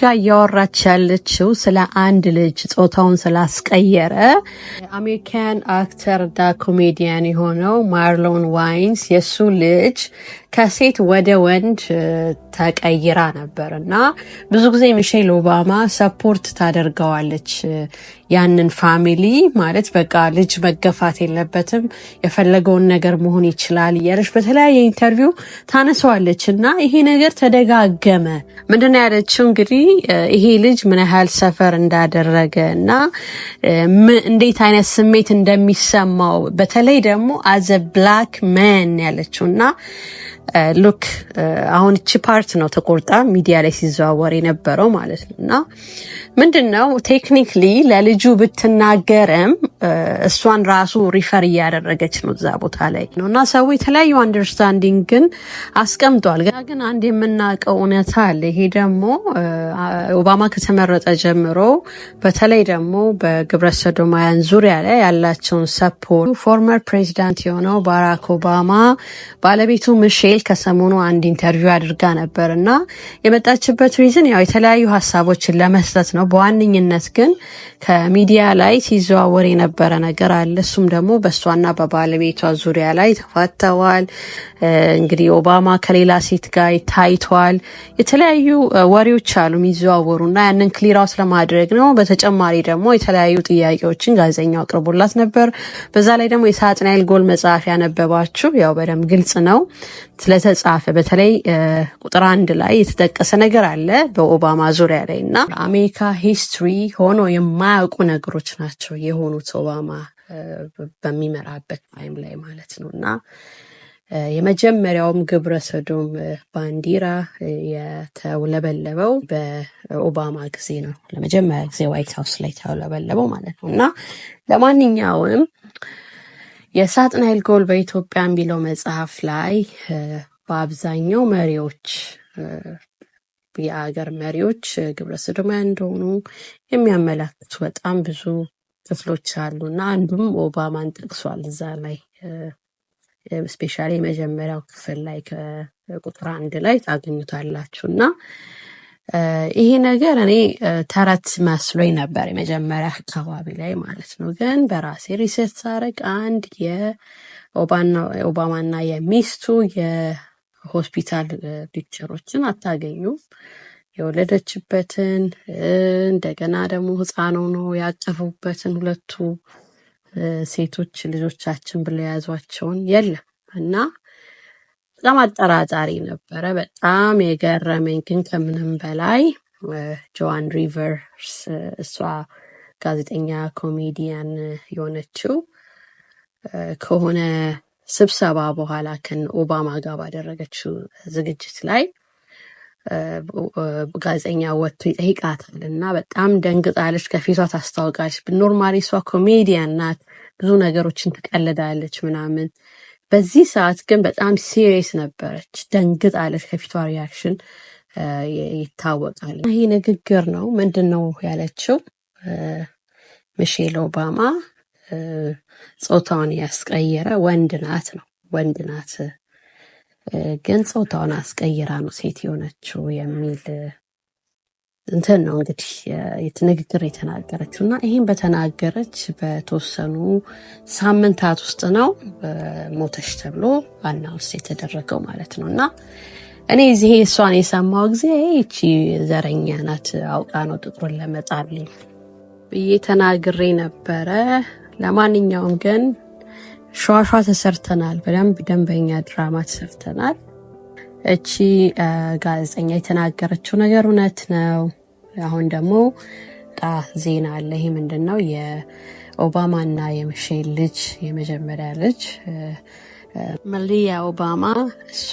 ጋ እያወራች ያለችው ስለ አንድ ልጅ ጾታውን ስላስቀየረ አሜሪካን አክተር ዳ ኮሜዲያን የሆነው ማርሎን ዋይንስ የእሱ ልጅ ከሴት ወደ ወንድ ተቀይራ ነበር እና ብዙ ጊዜ ሚሼል ኦባማ ሰፖርት ታደርገዋለች ያንን ፋሚሊ ማለት በቃ ልጅ መገፋት የለበትም የፈለገውን ነገር መሆን ይችላል እያለች በተለያየ ኢንተርቪው ታነሰዋለች እና ይሄ ነገር ተደጋገመ። ምንድነው ያለችው እንግዲህ ይሄ ልጅ ምን ያህል ሰፈር እንዳደረገ እና እንዴት አይነት ስሜት እንደሚሰማው በተለይ ደግሞ አዘ ብላክ መን ያለችው እና ሉክ አሁን እቺ ፓርት ነው ተቆርጣ ሚዲያ ላይ ሲዘዋወር የነበረው ማለት ነው። እና ምንድን ነው ቴክኒክሊ ለልጁ ብትናገርም እሷን ራሱ ሪፈር እያደረገች ነው እዛ ቦታ ላይ ነው። እና ሰው የተለያዩ አንደርስታንዲንግ ግን አስቀምጧል። ገና ግን አንድ የምናውቀው እውነታ አለ። ይሄ ደግሞ ኦባማ ከተመረጠ ጀምሮ በተለይ ደግሞ በግብረ ሰዶማውያን ዙሪያ ላይ ያላቸውን ሰፖርት ፎርመር ፕሬዚዳንት የሆነው ባራክ ኦባማ ባለቤቱ ምሼል ልጅ ከሰሞኑ አንድ ኢንተርቪው አድርጋ ነበር እና የመጣችበት ሪዝን ያው የተለያዩ ሀሳቦችን ለመስጠት ነው። በዋነኝነት ግን ከሚዲያ ላይ ሲዘዋወር የነበረ ነገር አለ። እሱም ደግሞ በእሷና በባለቤቷ ዙሪያ ላይ ተፋተዋል። እንግዲህ ኦባማ ከሌላ ሴት ጋር ታይቷል። የተለያዩ ወሬዎች አሉ የሚዘዋወሩ እና ያንን ክሊር አውት ለማድረግ ነው። በተጨማሪ ደግሞ የተለያዩ ጥያቄዎችን ጋዜጠኛው አቅርቦላት ነበር። በዛ ላይ ደግሞ የሳጥናኤል ጎል መጽሐፍ ያነበባችሁ ያው በደንብ ግልጽ ነው። ስለተጻፈ በተለይ ቁጥር አንድ ላይ የተጠቀሰ ነገር አለ በኦባማ ዙሪያ ላይ እና አሜሪካ ሂስትሪ ሆኖ የማያውቁ ነገሮች ናቸው የሆኑት ኦባማ በሚመራበት ታይም ላይ ማለት ነው እና የመጀመሪያውም ግብረ ሰዶም ባንዲራ የተውለበለበው በኦባማ ጊዜ ነው። ለመጀመሪያ ጊዜ ዋይት ሀውስ ላይ ተውለበለበው ማለት ነው እና ለማንኛውም የሳጥናኤል ጎል በኢትዮጵያ የሚለው መጽሐፍ ላይ በአብዛኛው መሪዎች የአገር መሪዎች ግብረ ሰዶማውያን እንደሆኑ የሚያመላክቱ በጣም ብዙ ክፍሎች አሉ እና አንዱም ኦባማን ጠቅሷል እዛ ላይ ስፔሻሊ የመጀመሪያው ክፍል ላይ ከቁጥር አንድ ላይ ታገኙታላችሁ እና ይሄ ነገር እኔ ተረት መስሎኝ ነበር የመጀመሪያ አካባቢ ላይ ማለት ነው። ግን በራሴ ሪሰርች ሳረግ አንድ የኦባማና የሚስቱ የሆስፒታል ፒክቸሮችን አታገኙም። የወለደችበትን እንደገና ደግሞ ህፃኑ ነው ያቀፉበትን ሁለቱ ሴቶች ልጆቻችን ብለው የያዟቸውን የለም እና በጣም አጠራጣሪ ነበረ። በጣም የገረመኝ ግን ከምንም በላይ ጆዋን ሪቨርስ እሷ ጋዜጠኛ ኮሜዲያን የሆነችው ከሆነ ስብሰባ በኋላ ከን ኦባማ ጋር ባደረገችው ዝግጅት ላይ ጋዜጠኛ ወጥቶ ይጠይቃታል እና በጣም ደንግጣለች። ከፊቷ ታስታውቃለች። ኖርማሊ እሷ ኮሜዲያን ናት፣ ብዙ ነገሮችን ትቀልዳለች ምናምን በዚህ ሰዓት ግን በጣም ሲሪየስ ነበረች። አለት ከፊቷ ሪያክሽን ይታወቃል። ይህ ንግግር ነው። ምንድን ነው ያለችው? ሚሼል ኦባማ ጾታውን ያስቀየረ ወንድ ናት ነው ወንድ ናት፣ ግን ጾታውን አስቀይራ ነው ሴት የሆነችው የሚል እንትን ነው እንግዲህ ንግግር የተናገረችው እና ይህን በተናገረች በተወሰኑ ሳምንታት ውስጥ ነው ሞተች ተብሎ አናውንስ የተደረገው ማለት ነው። እና እኔ እዚህ እሷን የሰማው ጊዜ ይቺ ዘረኛ ናት አውቃ ነው ጥቁሩን ለመጣልኝ ብዬ ተናግሬ ነበረ። ለማንኛውም ግን ሸዋሸዋ ተሰርተናል። በደንብ ደንበኛ ድራማ ተሰርተናል። እቺ ጋዜጠኛ የተናገረችው ነገር እውነት ነው። አሁን ደግሞ ጣ ዜና አለ። ይህ ምንድን ነው? የኦባማና የሚሼል ልጅ የመጀመሪያ ልጅ መሊያ ኦባማ እሷ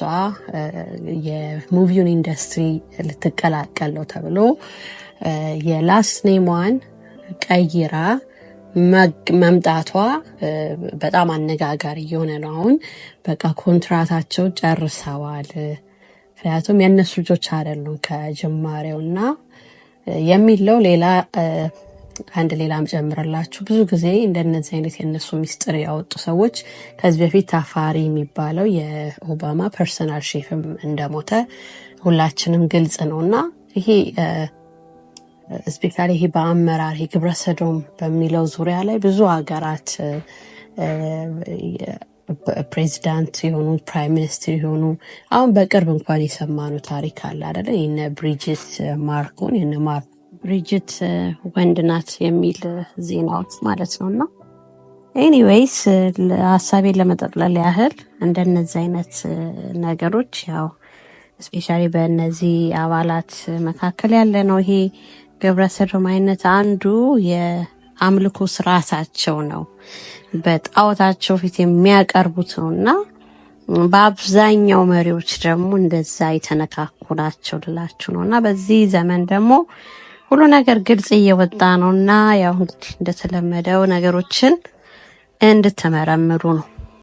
የሙቪውን ኢንዱስትሪ ልትቀላቀል ነው ተብሎ የላስት ኔሟን ቀይራ መምጣቷ በጣም አነጋጋሪ እየሆነ ነው። አሁን በቃ ኮንትራታቸው ጨርሰዋል። ምክንያቱም የእነሱ ልጆች አይደሉም ከጀማሪው እና የሚለው ሌላ አንድ ሌላም ምጨምርላችሁ ብዙ ጊዜ እንደነዚህ አይነት የእነሱ ሚስጥር ያወጡ ሰዎች ከዚህ በፊት ታፋሪ የሚባለው የኦባማ ፐርሰናል ሼፍም እንደሞተ ሁላችንም ግልጽ ነው እና ይሄ ስፔሻሊ ይሄ በአመራር ይሄ ግብረሰዶም በሚለው ዙሪያ ላይ ብዙ ሀገራት ፕሬዚዳንት የሆኑ ፕራይም ሚኒስትር የሆኑ አሁን በቅርብ እንኳን የሰማነው ታሪክ አለ አደለ? የነ ብሪጅት ማርኮን የነ ማር ብሪጅት ወንድ ናት የሚል ዜናዎች ማለት ነው። እና ኤኒዌይስ ሀሳቤን ለመጠቅለል ያህል እንደነዚህ አይነት ነገሮች ያው ስፔሻሊ በእነዚህ አባላት መካከል ያለ ነው ይሄ ግብረ ሰዶማዊነት አንዱ አምልኮ ስርዓታቸው ነው፣ በጣዖታቸው ፊት የሚያቀርቡት ነው እና በአብዛኛው መሪዎች ደግሞ እንደዛ የተነካኩ ናቸው ልላችሁ ነው። እና በዚህ ዘመን ደግሞ ሁሉ ነገር ግልጽ እየወጣ ነው እና ያው እንግዲህ እንደተለመደው ነገሮችን እንድትመረምሩ ነው።